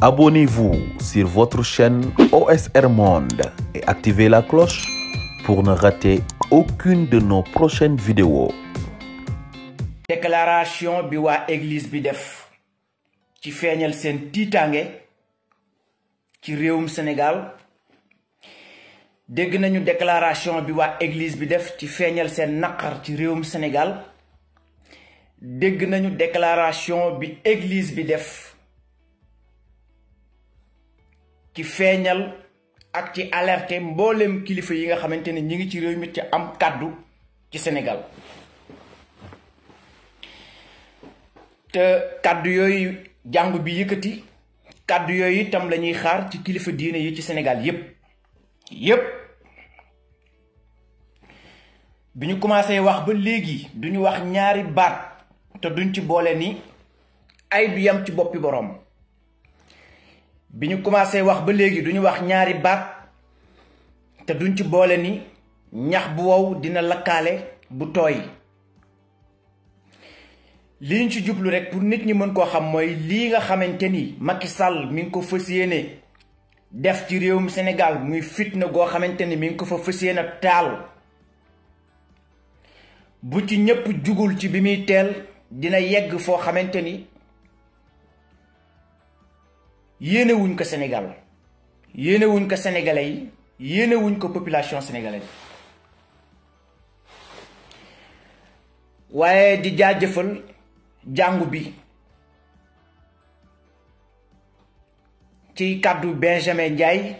Abonnez-vous sur votre chaîne OSR Monde et activez la cloche pour ne rater aucune de nos prochaines vidéos. déclaration bi waa église bi def ci feeñal seen tiitaange ci réewum Sénégal dégg nañu déclaration bi waa église bi def ci feeñal seen naqar ci réewum Sénégal dégg nañu déclaration bi église bi def. ci feeñal ak ci alerter mboolem kilifa yi nga xamante ne ñi ngi ci réew mi ci am kàddu ci senegal te kàddu yooyu jàngu bi yëkkati kàddu yooyu itam lañuy xaar ci kilifa diine yi ci senegal yépp yépp bi ñu commencé wax ba léegi duñu wax ñaari baat te duñ ci boole ni ay du yam ci boppi boroom bi ñu commencé wax ba léegi duñu wax ñaari baat te duñ ci boole ni ñax bu wow dina lakkaale bu tooy li ñu ci jublu rek pour nit ñi mën koo xam mooy lii nga xamante ni makki sàll mi ngi ko fas yéene def ci réewum senegal muy fitna goo xamante ni mi ngi ko fa fas yéene taal bu ci ñépp jugul ci bi muy teel dina yegg foo xamante ni yéene wuñ ko Sénégal yéene ko sénégalais yi yéene wuñ ko population sénégalaise waaye di jaajëfal jàngu bi ci kàddu Benjamin Ndiaye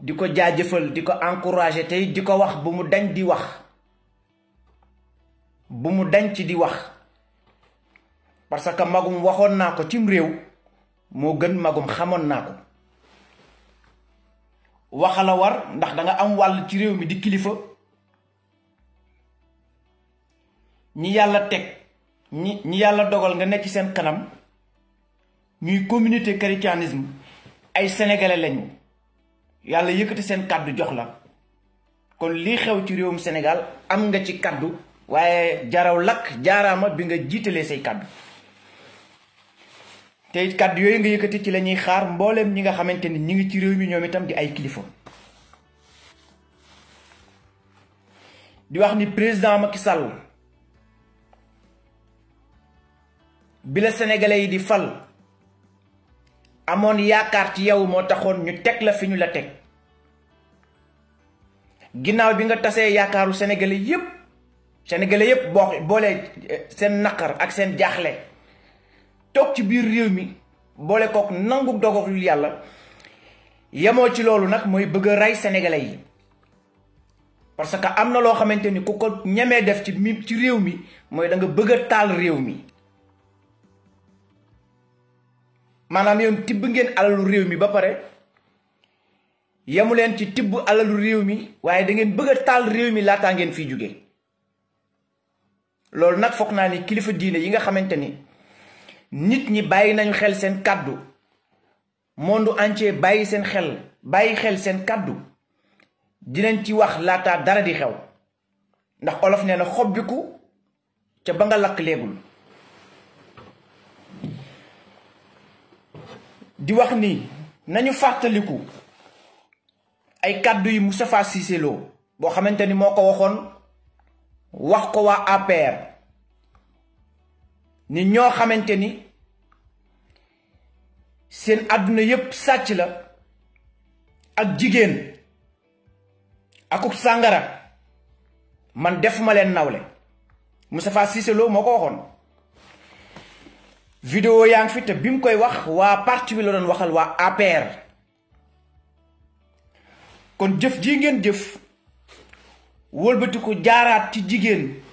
di ko jaajëfal di ko encourager tey di ko wax bu mu dañ di wax bu mu dañ ci di wax parce que magum waxoon naa ko cim réew moo gën magum xamoon naa ko waxala war ndax danga am wàll ci réew mi di kilifa ñi yàlla teg ñi ñi yàlla dogal nga nekk seen kanam ñuy communité christianisme ay sénégalais lañu yàlla yëkkati seen kàddu jox la kon lii xew ci réewum Sénégal am nga ci kàddu waaye jaraw lakk jaaraama bi nga jiitalee say kàddu te kàddu yooyu nga yëkkati ci la ñuy xaar mbooleem ñi nga xamante ni ñi ngi ci réew mi ñoom itam di ay kilifa di wax ni président Macky Sall bi la sénégalais yi di fal amoon yaakaar ci yow moo taxoon ñu teg la fi ñu la teg ginnaaw bi nga tasee yaakaaru sénégalais yépp sénégalais yépp boo boole eh, seen naqar ak seen jaaxle toog ci biir réew mi boole kook nangu dogalul yàlla yemoo ci loolu nag mooy bëgg a rey sénégalais yi parce que am na loo xamante ni ku ko ñemee def ci mi ci réew mi mooy danga bëgg a taal réew mi maanaam yow tibb ngeen réew mi ba pare yemu leen ci tibb alalu réew mi waaye dangeen ngeen bëgg taal réew mi laataa ngeen fiy jóge loolu nag foog naa ni kilifa diine yi nga xamante ni nit ñi bàyyi nañu xel seen kàddu monde entier bàyyi seen xel bàyyi xel seen kàddu dinañ ci wax laata dara di xew ndax olof nee na xobiku ca ba nga lakk léegul di wax ni nañu fàttaliku ay kàddu yi mu Cissé Lo boo xamante ni moo ko waxoon wax ko waa APR ni ñoo xamante ni seen àdduna yépp sàcc la ak jigéen akuk sàngara man defuma leen nawle Moustapha Cissé Lo moo ko waxoon vidéo yaa ngi fi te bi mu koy wax waa parti bi la doon waxal waa APR kon jëf ji ngeen jëf wëlbatiku jaaraat ci jigéen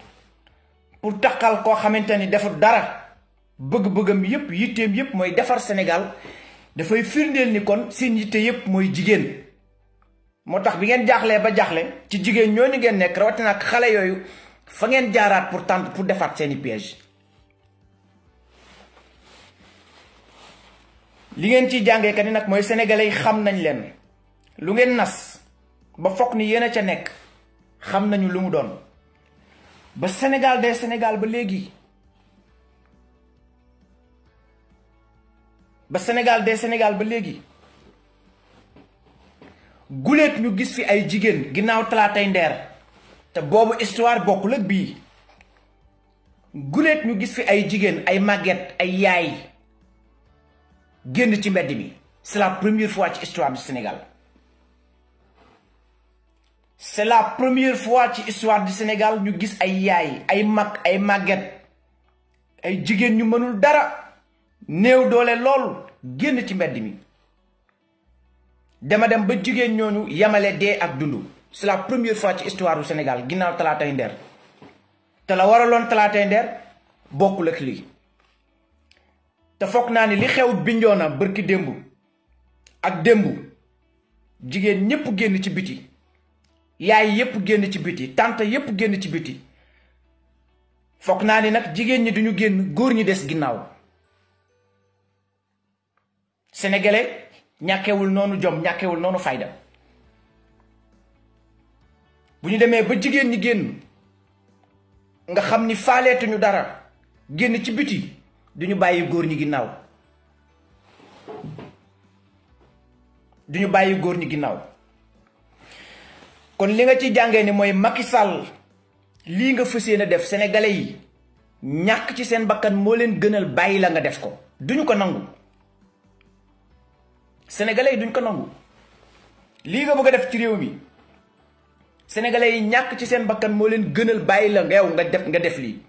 pour takkal koo xamante ni deful dara bëgg-bëggam yépp yitteem yépp mooy defar senegal dafay firndeel ni kon seen yitte yépp mooy jigéen moo tax bi ngeen jaaxlee ba jaaxle ci jigéen ñooñu ngeen nekk rawatina ak xale yooyu fa ngeen jaaraat pour tànt pour defaat seeni piège li ngeen ciy jàngee ka ni nag mooy sénégalais yi xam nañ leen lu ngeen nas ba foog ni yéen a ca nekk xam nañu lu mu doon ba Sénégal des Sénégal ba léegi ba Sénégal des Sénégal ba léegi guléet ñu gis fi ay jigéen ginnaaw talaatay ndeer te boobu histoire bokkul ak bii guléet ñu gis fi ay jigéen ay màgget ay yaay génn ci mbedd bi c'est la première fois ci histoire du Sénégal c'est la première fois ci histoire du Sénégal ñu gis ay yaay ay mag ay màgget ay jigéen ñu mënul dara néew doole lool génn ci mbedd mi dama dem ba jigéen ñooñu yamale dee ak dund c'est la première fois ci histoire du Sénégal ginnaaw talaatay ndeer te la waraloon talaatay ndeer bokkul ak lii te foog naa ni li xew bindoona bërki démb ak démb jigéen ñépp génn ci biti yaay yépp génn ci biti tante yépp génn ci biti foog naa ni nag jigéen ñi duñu génn góor ñi des ginnaaw senegale ñàkkewul noonu jom ñàkkewul noonu fayda bu ñu demee ba jigéen ñi génn nga xam ni faaleetuñu dara génn ci biti duñu bàyyi góor ñi ginnaaw duñu bàyyi góor ñi ginnaaw kon li nga ci jàngee ni mooy Macky Sall lii nga fas yéene def sénégalais yi ñàkk ci seen bakkan moo leen gënal bàyyi la nga def ko duñu ko nangu sénégalais yi duñ ko nangu lii nga bëgg a def ci réew mi senegale yi ñàkk ci seen bakkan moo leen gënal bàyyi la nga yow nga def nga def lii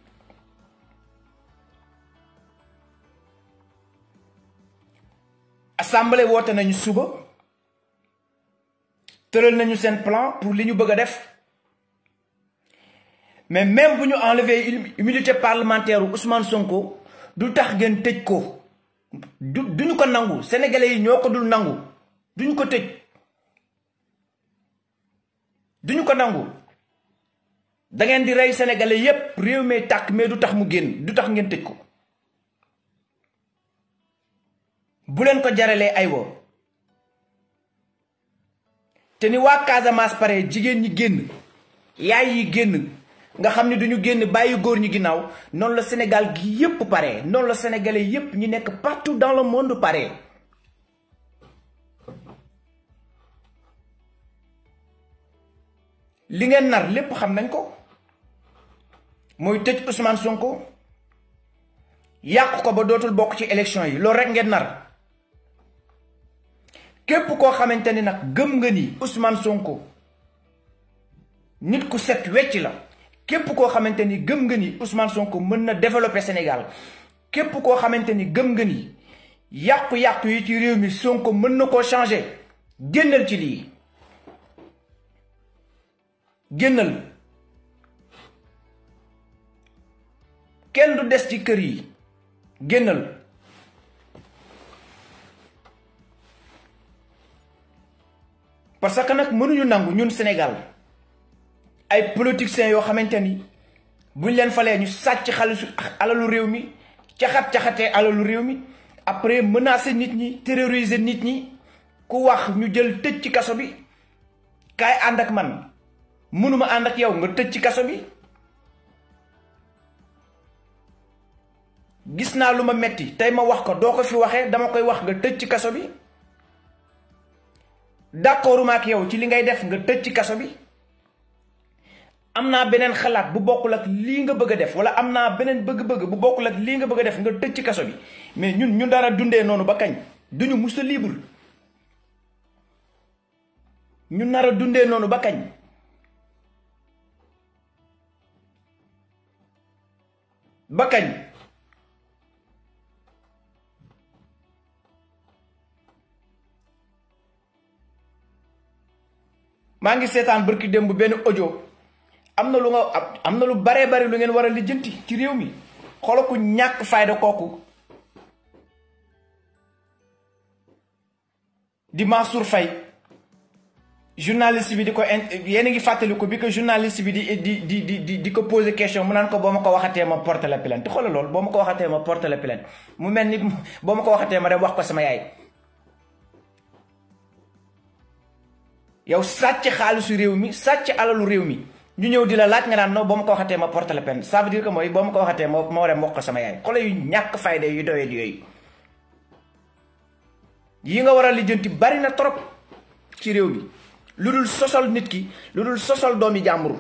assemblée woote nañu suba tëral nañu seen plan pour li ñu bëgg a def mais même bu ñu enlever immunité parlementaire Ousmane Sonko du tax ngeen tëj ko du duñu ko nangu sénégalais yi ñoo ko dul nangu duñu ko tëj duñu ko nangu da ngeen di rey sénégalais yépp réew mi tàkk mais du tax mu génn du tax ngeen tëj ko bu leen ko jaralee ay wo te ni waa Casamance pare jigéen ñi génn yaay yi génn nga xam ne duñu génn bàyyi góor ñi ginnaaw noonu la Sénégal gi yépp pare noonu la sénégalais yépp ñi nekk partout dans le monde pare li ngeen nar lépp xam nañ ko mooy tëj Ousmane Sonko yàq ko ba dootul bokk ci élection yi loolu rek ngeen nar képp koo xamante ni nag gëm nga ni Ousmane Sonko nit ku set wecc la képp koo xamante ni gëm nga ni Ousmane Sonko mën na développer Sénégal képp koo xamante ni gëm nga ni yàqu-yàqu yi ci réew mi Sonko mën na koo changé génnal ci lii génnal kenn du des ci kër yi génnal parce que nag mënuñu nangu ñun senegal ay politiciens yoo xamante ni buñ leen falee ñu sàcc xaalisu alalu réew mi caxat-caxatee alalu réew mi après menacer nit ñi terroriser nit ñi ku wax ñu jël tëj ci kaso bi kaay ànd ak man mënuma ànd ak yow nga tëj ci kaso bi gis naa lu ma metti tey ma wax ko doo ko fi waxee dama koy wax nga tëj ci kaso bi d'accordu ma ak yow ci li ngay def nga tëj ci kaso bi am naa beneen xalaat bu bokkul ak lii nga bëgg a def wala am naa beneen bëgg-bëgg bu bokkul ak lii nga bëgg a def nga tëj ci kaso bi mais ñun ñu dara dundee noonu ba kañ duñu mus a libre ñu nar a dundee noonu ba kañ ba kañ maa ngi seetaan barki démb benn audio am na lu nga am na lu baree bari lu ngeen war a lijjanti ci réew mi xolo ku ñàkk fayda kooku di Mansour Faye journaliste bi di ko yéen a ngi fàttaliku bi que journaliste bi di di di di ko posé question mu naan ko boo ma ko waxatee ma porte la plainte xoolal loolu boo ma ko waxatee ma porte la plainte mu mel ni boo ma ko waxatee ma dem wax ko sama yaay. yow sàcc xaalisu réew mi sàcc alalu réew mi ñu ñëw dina laaj nga naan non boo mu ko waxatee ma porte la peine ça ko dire que mooy boo ma ko waxatee ma ma war a mboq sama yaay xole yu ñàkk fayda yu doyee di yooyu yi nga war a lijjanti bari na trop ci réew mi lu dul sosol nit ki lu dul sosol doomi jàmbur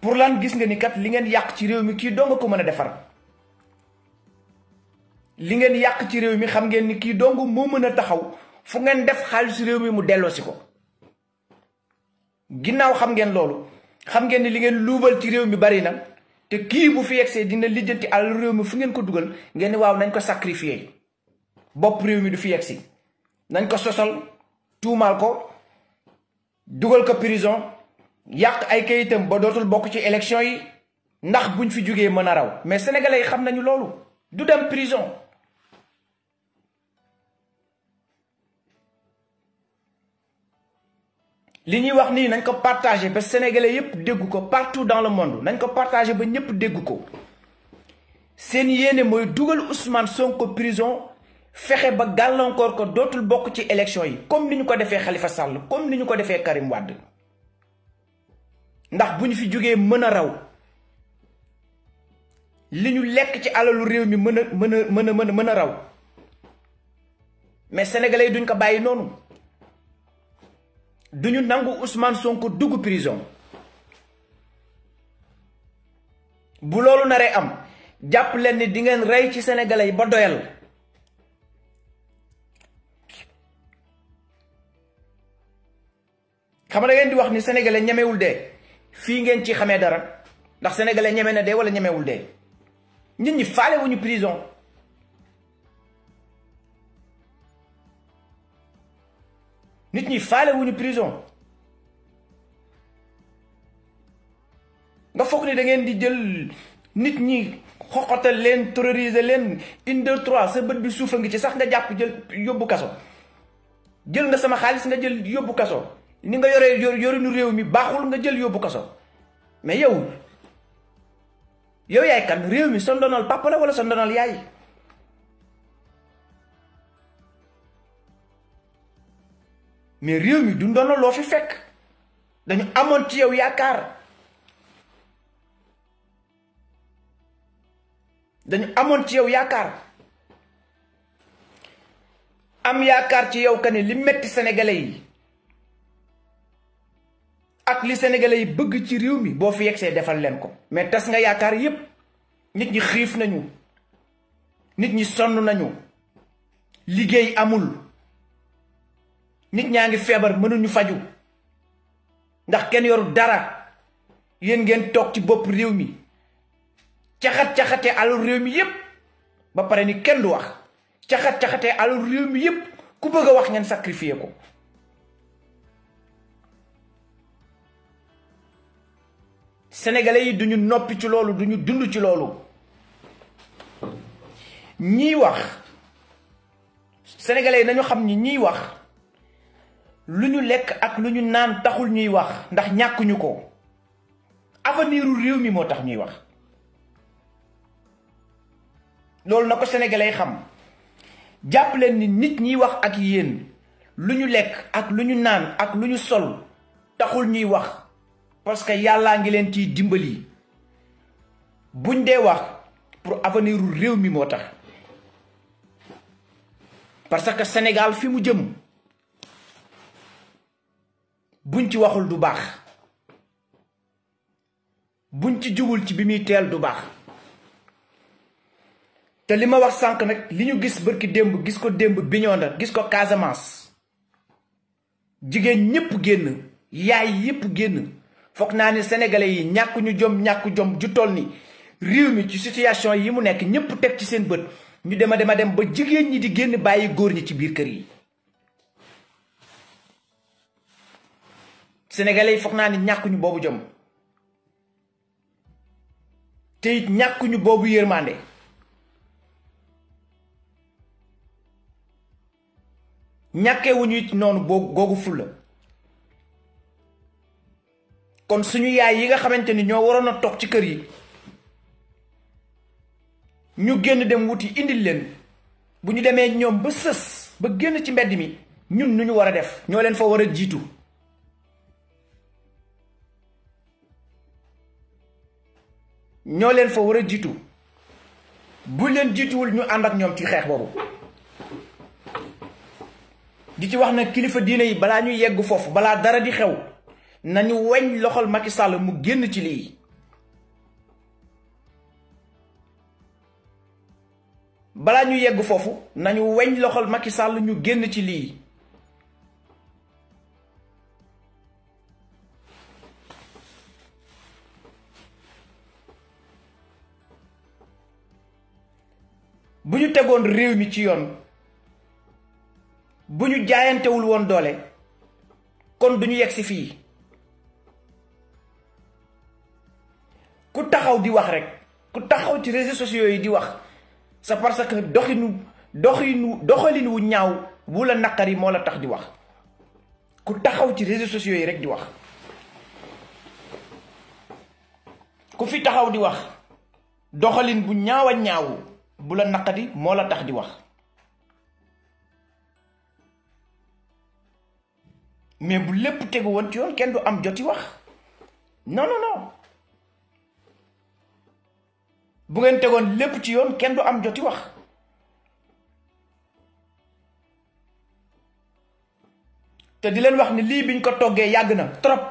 pour lan gis nga ni kat li ngeen yàq ci réew mi kii doo nga ko mën a defar li ngeen yàq ci réew mi xam ngeen ni kii dong moo mën a taxaw fu ngeen def xaalisu réew mi mu delloosi ko ginnaaw xam ngeen loolu xam ngeen ni li ngeen luubal ci réew mi bari na te kii bu fi yegsee dina lijjanti àll réew mi fu ngeen ko dugal ngeen ni waaw nañ ko sacrifier bopp réew mi du fi yegsi nañ ko sosal tuumaal ko dugal ko prison yàq ay kayitam ba dootul bokk ci élection yi ndax buñ fi jógee mën a raw mais sénégalais yi xam nañu loolu du dem prison li ñuy wax nii nañ ko partagé ba sénégalais yëpp dégg ko partout dans le monde nañ ko partagé ba ñëpp dégg ko seen yéene mooy dugal Ousmane Sonko prison fexe ba gàllankoor ko dootul bokk ci élection yi comme ni ñu ko defee xalifa Sall comme ni ñu ko defee Karim Wade ndax bu ñu fi jógee mën a raw li ñu lekk ci alalu réew mi mën a mën a mën a mën a raw mais sénégalais yi duñ ko bàyyi noonu. du ñu nangu Ousmane Sonko dugg prison bu loolu naree am jàpp leen ni di ngeen rey ci sénégalais yi ba doyal xam nga ngeen di wax ni sénégalais ñemewul de fii ngeen ci xamee dara ndax sénégalais ñeme na de wala ñemewul de nit ñi faale wuñu prison. nit ñi faale wuñu prison nga foog ni da ngeen di jël nit ñi xoxotal leen terroriser leen une deux trois sa bët bi suuf a ngi ci sax nga jàpp jël yóbbu kaso jël nga sama xaalis nga jël yóbbu kaso ni nga yore yor yorinu réew mi baaxul nga jël yóbbu kaso mais yow yow yaay kan réew mi sa ndonal papa la wala sa ndonal yaay mais réew mi dundoon na loo fi fekk dañu amoon ci yow yaakaar dañu amoon ci yow yaakaar am yaakaar ci yow ka ne li metti senegale yi ak li sénégalais yi bëgg ci réew mi boo fi yegsee defal leen ko mais tas nga yaakaar yépp nit ñi xiif nañu nit ñi sonn nañu liggéey amul nit ñaa ngi feebar mënuñu faju ndax kenn yoru dara yéen ngeen toog ci bopp réew mi caxat-caxatee alal réew mi yépp ba pare ni kenn du wax caxat-caxatee alal réew mi yépp ku bëgg a wax ngeen sacrifier ko sénégalais yi duñu noppi ci loolu duñu dund ci loolu ñiy wax sénégalais yi nañu xam ni ñiy wax lu ñu lekk ak lu ñu naan taxul ñuy wax ndax ñàkkuñu ko avenir réew mi moo tax ñuy wax loolu na ko sénégalais xam jàpp leen ni nit ñiy wax ak yéen lu ñu lekk ak lu ñu naan ak lu ñu sol taxul ñuy wax parce que yàllaa ngi leen ciy dimbali buñ dee wax pour avenir réew mi moo tax parce que senegal fi mu jëm buñ ci waxul du baax buñ ci jugul ci bi muy teel du baax te li ma wax sànq nag li ñu gis bërki démb gis ko démb bi ñoo na gis ko Casamance jigéen ñépp génn yaay yépp génn foog naa ni sénégalais yi ñàkk ñu jom ñàkk jom ju toll ni réew mi ci situation yi mu nekk ñépp teg ci seen bët ñu dema dema dem ba jigéen ñi di génn bàyyi góor ñi ci biir kër yi sénégalais yi foog naa ni ñàkkuñu boobu jëm te it ñàkkuñu boobu yërmande ñàkkewuñu it noonu boobu googu fulla kon suñu yaay yi nga xamante ni ñoo waroon a toog ci kër yi ñu génn dem wuti indil leen bu ñu demee ñoom ba sës ba génn ci mbedd mi ñun nu ñu war a def ñoo leen fa war a jiitu ñoo leen fa war a jiitu bu leen jiituwul ñu ànd ak ñoom ci xeex boobu di ci wax nag kilifa diine yi balaa ñu yegg foofu balaa dara di xew nañu weñ loxol Macky mu génn ci lii bala ñu yegg foofu nañu weñ loxol Macky Sall ñu génn ci lii bu ñu tegoon réew mi ci yoon bu ñu jaayantewul woon doole kon du ñu yegg si fii ku taxaw di wax rek ku taxaw ci réseaux sociaux yi di wax c'est parce que doxinu doxinu doxalin wu ñaaw wu la naqari moo la tax di wax ku taxaw ci réseaux sociaux yi rek di wax ku fi taxaw di wax doxalin bu ñaaw ñaawu bu la naqadi moo la tax di wax mais bu lépp tegu woon ci yoon kenn du am joti wax non non bu ngeen tegoon lépp ci yoon kenn du am joti wax te di leen wax ni lii biñ ko toggee yàgg na trop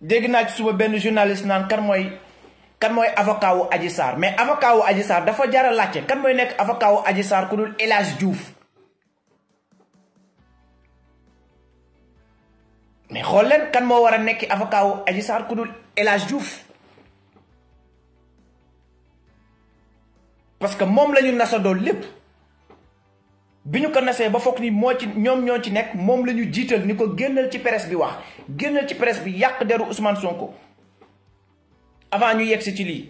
dégg naa ci suba benn journaliste naan kan mooy kan mooy avocat wu Adji Sarr mais avocat wu Adji Sarr dafa jara a laajte kan mooy nekk avocat wu Adji Sarr ku dul El Hadj mais xool leen kan moo war a nekk avocat wu Adji Sarr ku dul El Hadj Diouf parce que moom la ñu nasa dool lépp bi ñu ko nasee ba foog ni moo ci ñoom ñoo ci nekk moom la ñu jiital ni ko génnal ci presse bi wax génnal ci presse bi yàq deru Ousmane Sonko. avant ñu yegg si ci lii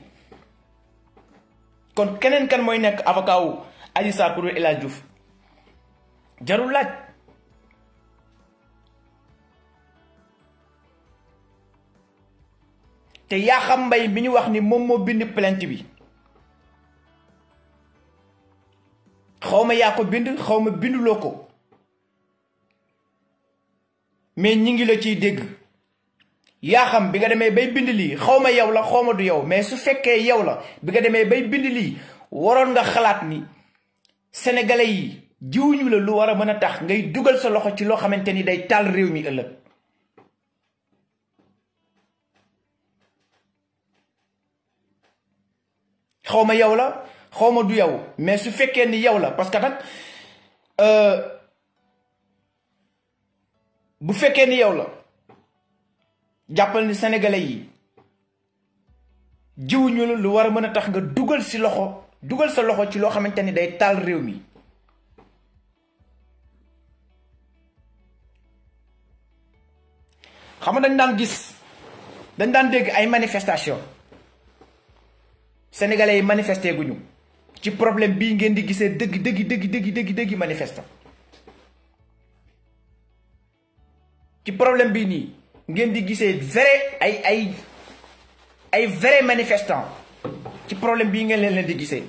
kon keneen kan mooy nekk avocat wu Adji Sarr pour El Hadj Diouf jarul laaj te yaa xam mbay mi ñu wax ni moom moo bind plainte bi xaw ma yaa ko bind xaw ma binduloo ko mais ñi ngi la ciy dégg yaa xam bi nga demee bay bind lii xaw ma yow la xaw ma du yow mais su fekkee yow la bi nga demee bay bind lii waroon nga xalaat ni sénégalais yi jiwuñu la lu war a mën a tax ngay dugal sa loxo ci loo xamante ni day taal réew mi ëllëg xaw ma yow la xaw ma du yow mais su fekkee ni yow la parce que nag euh, bu fekkee ni yow la jàppal ni sénégalais yi jiwuñu la lu war a mën a tax nga dugal si loxo dugal sa loxo ci loo xamante ni day taal réew mi xam nga dañ daan gis dañ daan dégg ay manifestation sénégalais yi manifesté guñu ci problème bii ngeen di gisee dëgg dëgg dëgg dëgg dëgg dëgg manifesté ci problème bii nii ngeen di gisee vrai ay ay ay vrai manifestant ci problème bii ngeen leen di gisee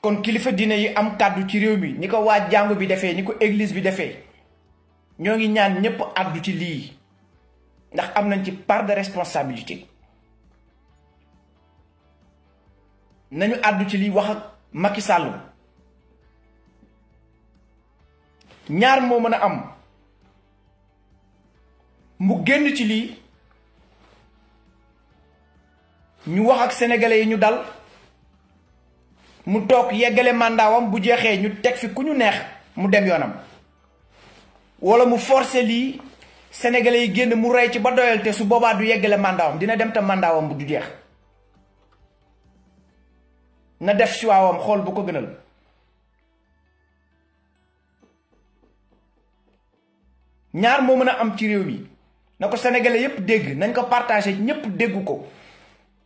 kon kilifa diine yi am kàddu ci réew mi ni ko waa jàngu bi defee ni ko église bi defee ñoo ngi ñaan ñépp àddu ci lii ndax am nañ ci part de responsabilité nañu àddu ci lii wax ak Macky Sall ñaar moo mën a am mu génn ci lii ñu wax ak sénégalais yi ñu dal mu toog yeggale màndaawam bu jeexee ñu teg fi ku ñu neex mu dem yoonam wala mu forcer lii sénégalais yi génn mu rey ci ba doyal te su boobaa du yeggale màndaawam dina dem te màndaawam bu du jeex na def siwaawam xool bu ko gënal ñaar moo mën a am ci réew mi na ko sénégalais yépp dégg nañ ko partagé ñépp dégg ko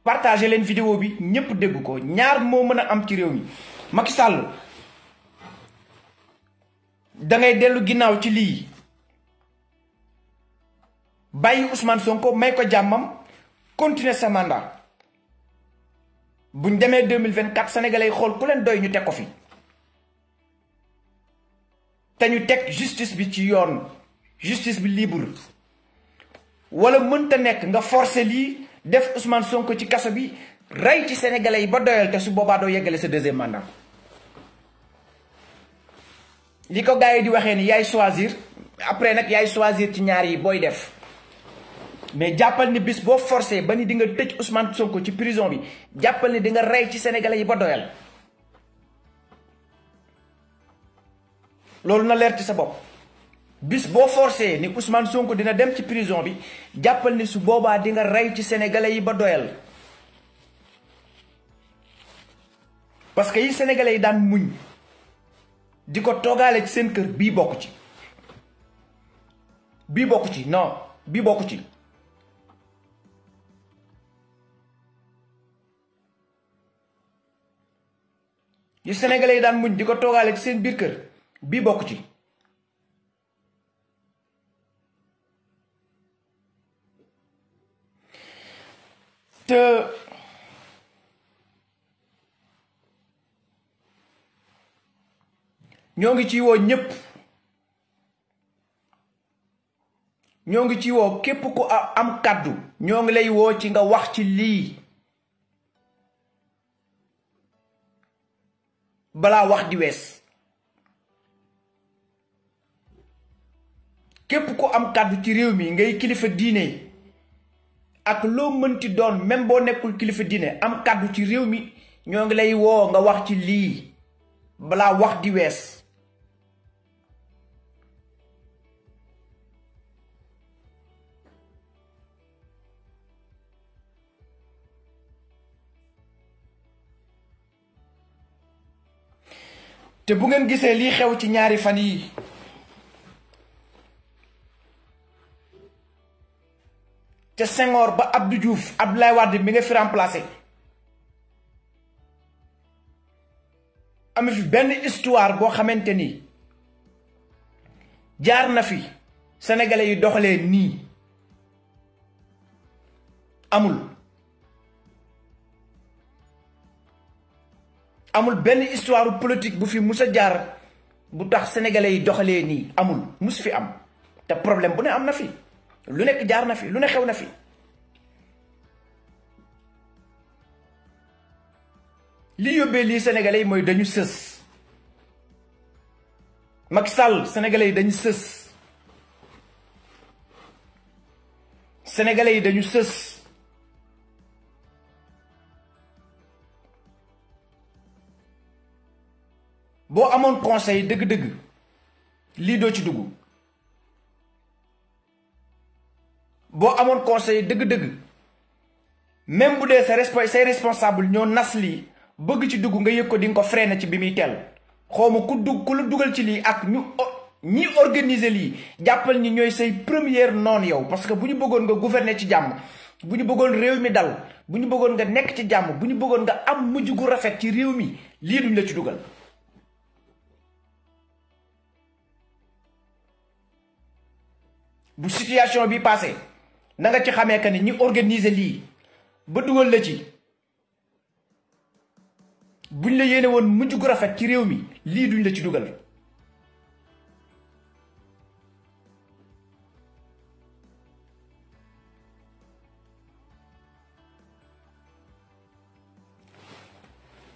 partagé leen vidéo bi ñépp dégg ko ñaar moo mën a am ci réew mi Macky Sall da ngay dellu ginnaaw ci lii bàyyi Ousmane Sonko may ko jàmmam continuer sa mandat bu buñ demee 2024 sénégalais yi xool ku leen doy ñu teg ko fi te ñu teg justice bi ci yoon justice bi libre wala mënta nekk nga forcer lii def Ousmane Sonko ci kaso bi rey ci sénégalais yi ba doyal te su boobaa doo yeggale sa deuxième mandat li ko gars yi di waxee ni yaay soisir après nag yaay soisir ci ñaar yi booy def mais jàppal ni bis boo forcé ba ni di nga tëj Ousmane Sonko ci prison bi jàppal ni di nga rey ci sénégalais yi ba doyal loolu na leer ci sa bopp bis boo forcé ni Ousmane Sonko dina dem ci prison bi jàppal ni su boobaa di rey ci sénégalais yi ba doyal parce que yi sénégalais yi daan muñ di ko toogaale ci seen kër bii bokk ci bii bokk ci non bii bokk ci yi sénégalais yi daan muñ di ko toogaale seen biir kër bi bokk ci te ñoo ngi ci woo ñépp ñoo ngi ci woo képp ku am kàddu ñoo ngi lay woo ci nga wax ci lii balaa wax di wees képp ku am kàddu ci réew mi ngay kilifa diine ak loo mënti doon même boo nekkul kilifa diine am kàddu ci réew mi ñoo ngi lay woo nga wax ci lii balaa wax di wees te bu ngeen gisee lii xew ci ñaari fan yi ca Senghor ba Abdou Diouf Abdoulaye Wade mi nga fi remplacé ami fi benn histoire boo xamante ni jaar na fi sénégalais yi doxalee nii amul amul benn histoire politique bu fi mus a jaar bu tax sénégalais yi doxalee nii amul mus fi am te problème bu ne am na fi lu nekk jaar na fi lu ne xew na fi li yóbbee lii sénégalais yi mooy dañu sës Macky Sall sénégalais yi dañu sës senegale yi dañu sës boo amoon conseil dëgg-dëgg lii doo ci dugg boo amoon conseil dëgg-dëgg même bu dee sa say responsable ñoo nas li bëgg ci dugg nga yëg ko di nga ko freiné ci bi muy teel xawma ku dug ku la dugal ci lii ak ñu ñii organiser lii jàppal ñi ñooy say première noon yow parce que bu ñu bëggoon nga gouverner ci jàmm bu ñu bëggoon réew mi dal bu ñu bëggoon nga nekk ci jàmm bu ñu bëggoon nga am mujj gu rafet ci réew mi lii duñ la ci dugal bu situation bi passé na nga ci xamee que ni ñi organiser lii ba dugal la ci buñ la yéene woon mujj gu rafet ci réew mi lii duñ la ci dugal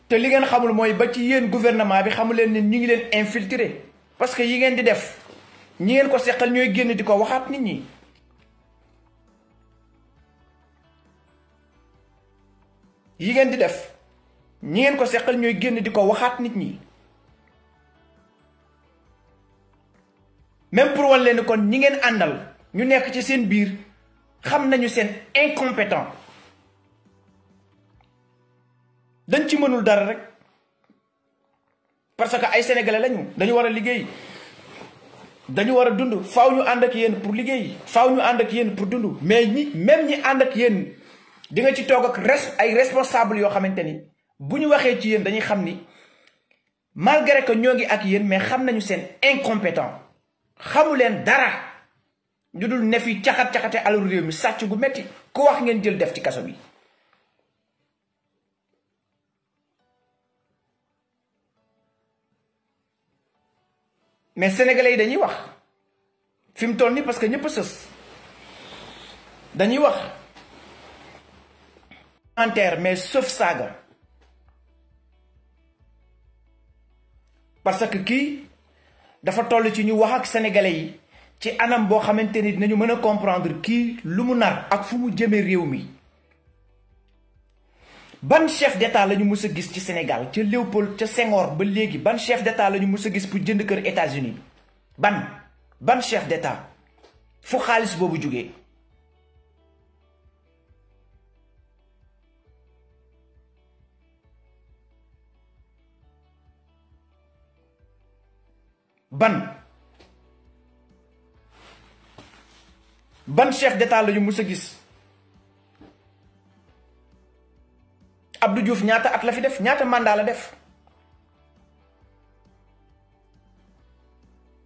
te li ngeen xamul mooy ba ci yéen gouvernement bi xamu leen ñu ngi leen infiltrer parce que yi ngeen di def ñi ngeen ko seqal ñooy génn di ko waxaat nit ñi yi ngeen di def ñi ngeen ko seqal ñooy génn di ko waxaat nit ñi même pour wan leen kon ñi ngeen àndal ñu nekk ci seen biir xam nañu seen incompétent dañ ci mënul dara rek parce que ay sénégalais lañu dañu war a liggéey dañu war a dund faw ñu ànd ak yéen pour liggéey faw ñu ànd ak yéen pour dund mais ñi même ñi ànd ak yéen di nga ci toog ak res ay responsable yoo xamante ni bu ñu waxee ci yéen dañuy xam ni malgré que ñoo ngi ak yéen mais xam nañu seen incompétent xamu leen dara ñu dul ne fi caxat-caxate alalu réew mi sàcc gu metti ku wax ngeen jël def ci kaso bi mais sénégalais yi dañuy wax fi mu toll nii parce que ñëpp a sës dañuy wax commentaire mais sëf saaga parce que kii dafa toll ci ñu wax ak sénégalais yi ci anam boo xamante ni dinañu mën a comprendre kii lu mu nar ak fu mu jëmee réew mi ban chef d'état la ñu mës a gis ci senegal ca Léopold ca Senghor ba léegi ban chef d'état la ñu mës a gis pour jënd kër états ban ban chef d'état fu xaalis boobu jógee ban ban chef d'état la ñu a gis Abdou Diouf ñaata at la fi def ñaata mandat la def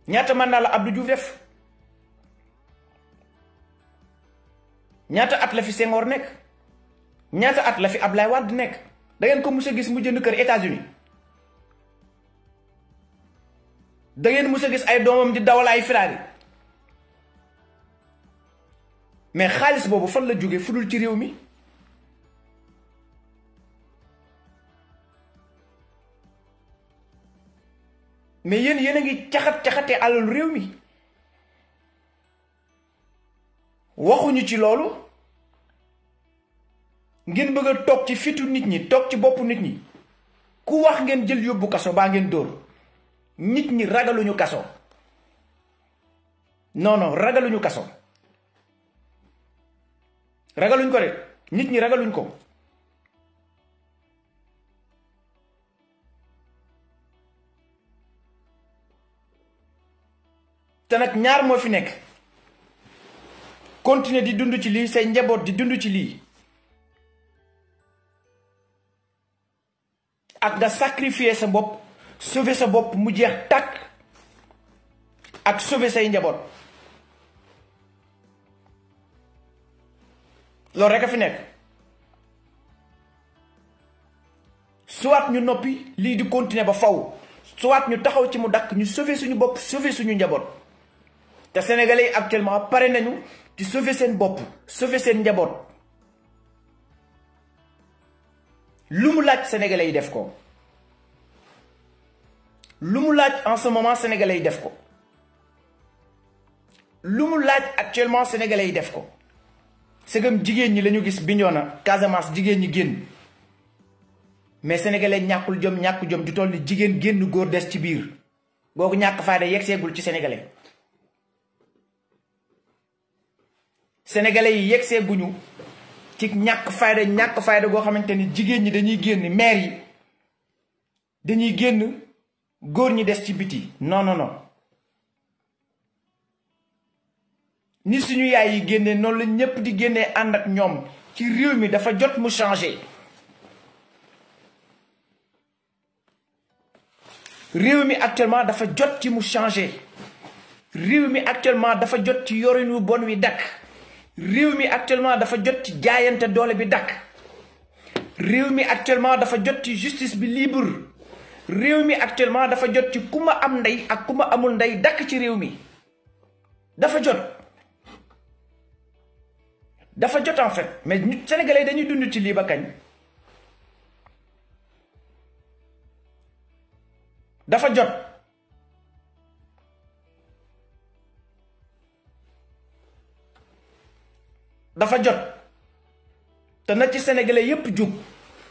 ñaata mandat la Abdou Diouf def ñaata at la fi Senghor nekk ñaata at la fi Ablaye Wade nekk da ngeen ko mës a gis mu jënd kër États-Unis da ngeen mës a gis ay doomam di dawal ay Ferrari mais xaalis boobu fan la jóge fudul ci réew mi mais yéen yéen a ngi caxat-caxatee alalu réew mi waxuñu ci loolu ngeen bëgg a toog ci fitu nit ñi toog ci boppu nit ñi ku wax ngeen jël yóbbu kaso baa ngeen dóor nit ñi ragaluñu kaso non non ragaluñu kaso ragaluñ ko de nit ñi ragaluñ ko te nag ñaar moo fi nekk continuer di dund ci lii say njaboot di dund ci lii ak nga sacrifier sa bopp sauver sa bopp mu jeex tàkk ak sauver say njaboot loolu rek a fi nekk soit ñu noppi lii di continuer ba faw soit ñu taxaw ci mu dakk ñu sauver suñu bopp sauver suñu njaboot te sénégalais yi actuellement pare nañu ci sauver seen bopp sauver seen njaboot lu mu laaj sénégalais yi def ko lu mu laaj en ce moment yi def ko lu laaj actuellement sénégalais yi def ko sëgam jigéen ñi lañu ñu gis Bignona Casamance jigéen ñi génn mais sénégalais ñàkkul jom ñàkk jom du toll ni jigéen génn góor des ci biir googu ñàkk faayda yegg seegul ci sénégalais sénégalais yi yegsee guñu ci ñàkk fayda ñàkk fayda goo xamante ni jigéen ñi dañuy génn maire yi dañuy génn góor ñi des ci biti non non ni suñu yaay yi génnee noonu la ñëpp di génnee ànd ak ñoom ci réew mi dafa jot mu changé réew mi actuellement dafa jot ci mu changé réew mi actuellement dafa jot ci yorin wu bon wi dakk réew mi actuellement dafa jot ci jaayante doole bi dakk réew mi actuellement dafa jot ci justice bi libre réew mi actuellement dafa jot ci ku ma am ndey ak ku ma amul ndey dakk ci réew mi dafa jot dafa jot en mais ñu sénégalais dañuy dund ci lii ba kañ dafa jot dafa jot te na ci sénégalais yépp jug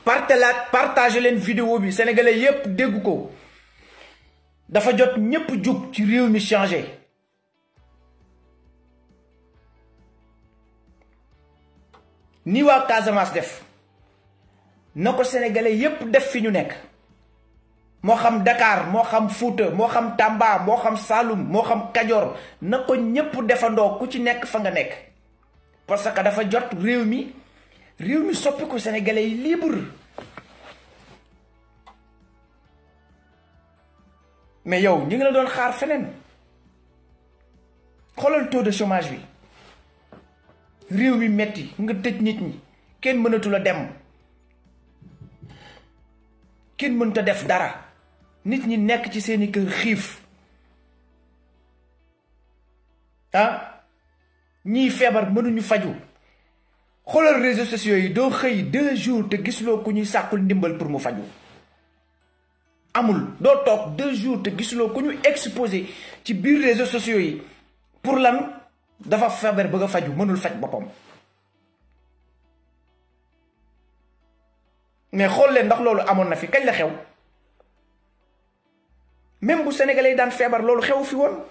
partelaat partagé leen vidéo bi sénégalais yépp dégg ko dafa jot ñépp jug ci réew mi changé ni waa Casamance def na ko sénégalais yépp def fi ñu nekk moo xam Dakar moo xam Fuuta moo xam Tamba moo xam Saalum moo xam Kajoor na ko ñépp defandoo ku ci nekk fa nga nekk parce que dafa jot réew mi réew mi soppi ko sénégalais yi libre mais yow ñu ngi la doon xaar feneen xoolal taux de chômage bi réew mi metti nga tëj nit ñi kenn mënatu la dem kenn mënta def dara nit ñi nekk ci seeni kër xiif ah ñii feebar mënuñu faju xoolal réseaux sociaux yi doo xëy deux jours te gisuloo ku ñuy sàkkul ndimbal pour mu faju amul doo toog deux jours te gisuloo ku ñu exposé ci biir réseaux sociaux yi pour lan dafa feebar bëgg a faju mënul faj boppam mais xool leen ndax loolu amoon na fi kañ la xew même bu sénégalais daan feebar loolu xew fi woon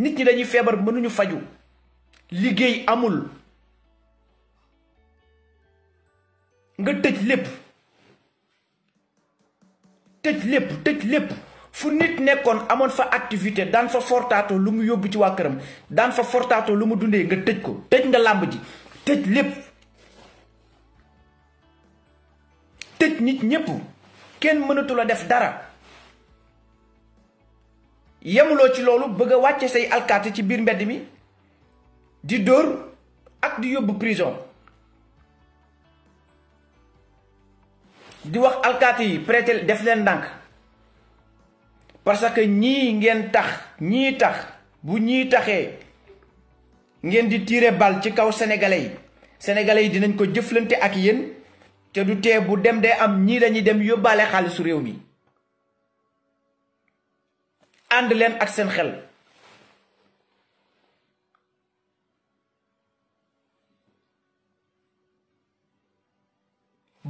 nit ñi dañuy feebar mënuñu faju liggéey amul nga tëj lépp tëj lépp tëj lépp fu nit nekkoon amoon fa activité daan fa fortaatoo lu mu yóbbu ci waa këram daan fa fortaatoo lu mu dundee nga tëj ko tëj nga làmb ji tëj lépp tëj nit ñépp kenn mënatul a def dara yemuloo ci loolu bëgg a wàcce say alkaati ci biir mbedd mi di dóor ak di yóbbu prison di wax alkaati yi prêter def leen ndànk parce que ñii ngeen tax ñii tax bu ñii taxee ngeen di tiire bal ci kaw sénégalais yi senegale yi dinañ ko jëflante ak yéen te du tee bu dem dee am ñii lañuy dem yóbbaale xaalisu réew mi ànd leen ak seen xel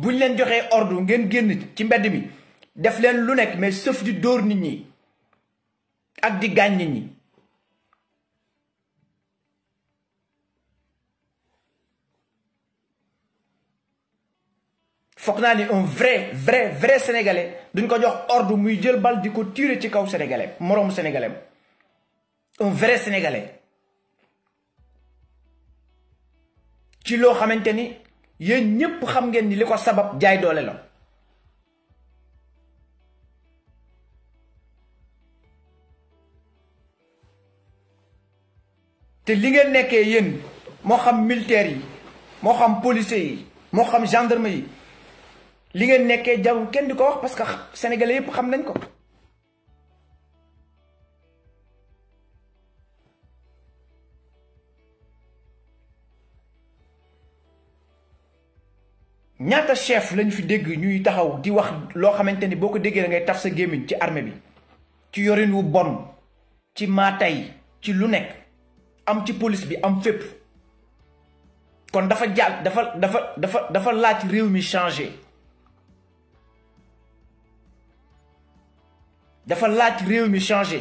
buñ leen joxee ordre ngeen génn ci mbedd mi def leen lu nekk mais sauf di dóor nit ñi ak di gaañ nit ñi foog naa ni un vrai vrai vrai sénégalais duñ ko jox ordre muy jël bal di ko tirer ci kaw sénégalais moroomu sénégalais un vrai sénégalais ci loo xamante ni yéen ñépp xam ngeen ni li ko sabab jaay doole la te li ngeen nekkee yéen moo xam militaire yi moo xam policier yi moo xam gendarme yi li ngeen nekkee jarul kenn di ko wax parce que sénégalais yëpp xam nañ ko ñaata chef lañ fi dégg ñuy taxaw di wax loo xamante ni boo ko déggee da ngay taf sa gémmiñ ci armée bi ci yorin wu bon ci maatay ci lu nekk am ci police bi am fépp kon dafa jàll dafa dafa dafa dafa laaj réew mi changé dafa laaj réew mi changé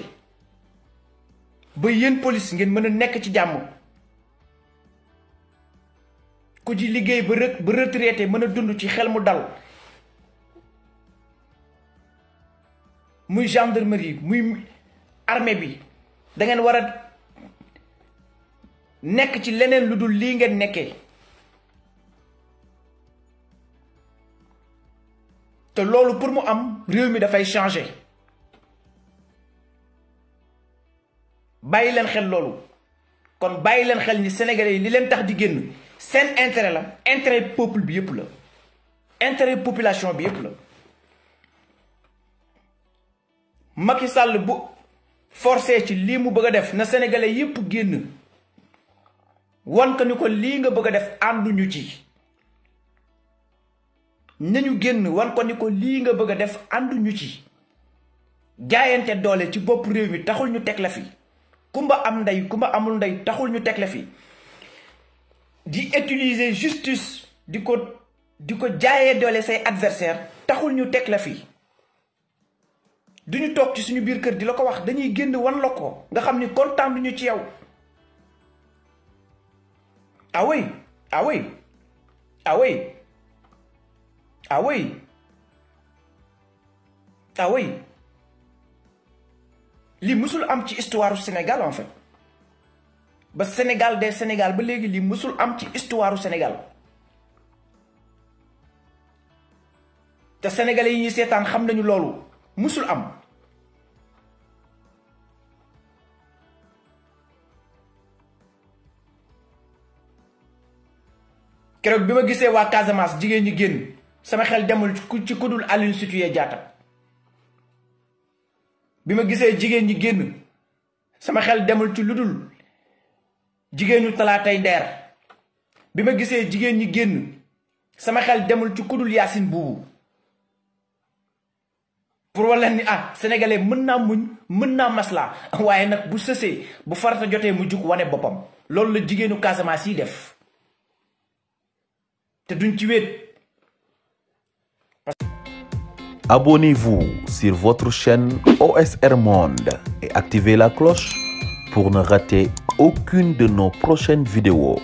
ba yéen police ngeen mën a nekk ci jàmm ku ci liggéey ba re ba retraité mën a dund ci xel mu dal muy gendarmerie muy armée bi da ngeen war a nekk ci leneen lu dul lii ngeen nekkee te loolu pour mu am réew mi dafay changer bàyyi leen xel loolu kon bàyyi leen xel ni sénégalais yi li leen tax di génn seen intérêt la intérêt peuple bi yëpp la intérêt population bi yëpp la Macky Sall bu forcé ci lii mu bëgg a def na sénégalais yëpp génn wan ko ni ko lii nga bëgg a def ànduñu ci nañu génn wan ko ni ko lii nga bëgg a def ànduñu ci jaayante doole ci bopp réew mi taxul ñu teg la fi kumba am ndey kumba amul ndey taxul ñu teg la fi di utiliser justus di ko di ko jaayee doole say adversaire taxul ñu teg la fi duñu toog ci suñu biir kër di la ko wax dañuy génn wan la ko nga xam ni kontaan duñu ci yow ah oui ah oui ah oui ah, ah li mësul am ci histoire Sénégal ba senegal des senegal ba léegi li mësul am ci histoire senegal te sénégalais yi ñuy seetaan xam nañu loolu mësul am keroog bi ma gisee waa Casamance jigéen ñi génn sama xel demul ci ku dul Aline Sitoé Diatta bi ma gisee jigéen ñi génn sama xel demul ci lu dul jigéenu talaatay ndeer bi ma gisee jigéen ñi génn sama xel demul ci kudul yaasin buubu pour wala ni ah sénégalais mën naa muñ mën naa maslaa waaye nag bu sësee bu farata jotee mu jug wane boppam loolu la jigéenu Casamance yi def te duñ ci wet Abonnez-vous sur votre chaîne OSR Monde et activez la cloche pour ne rater aucune de nos prochaines vidéos.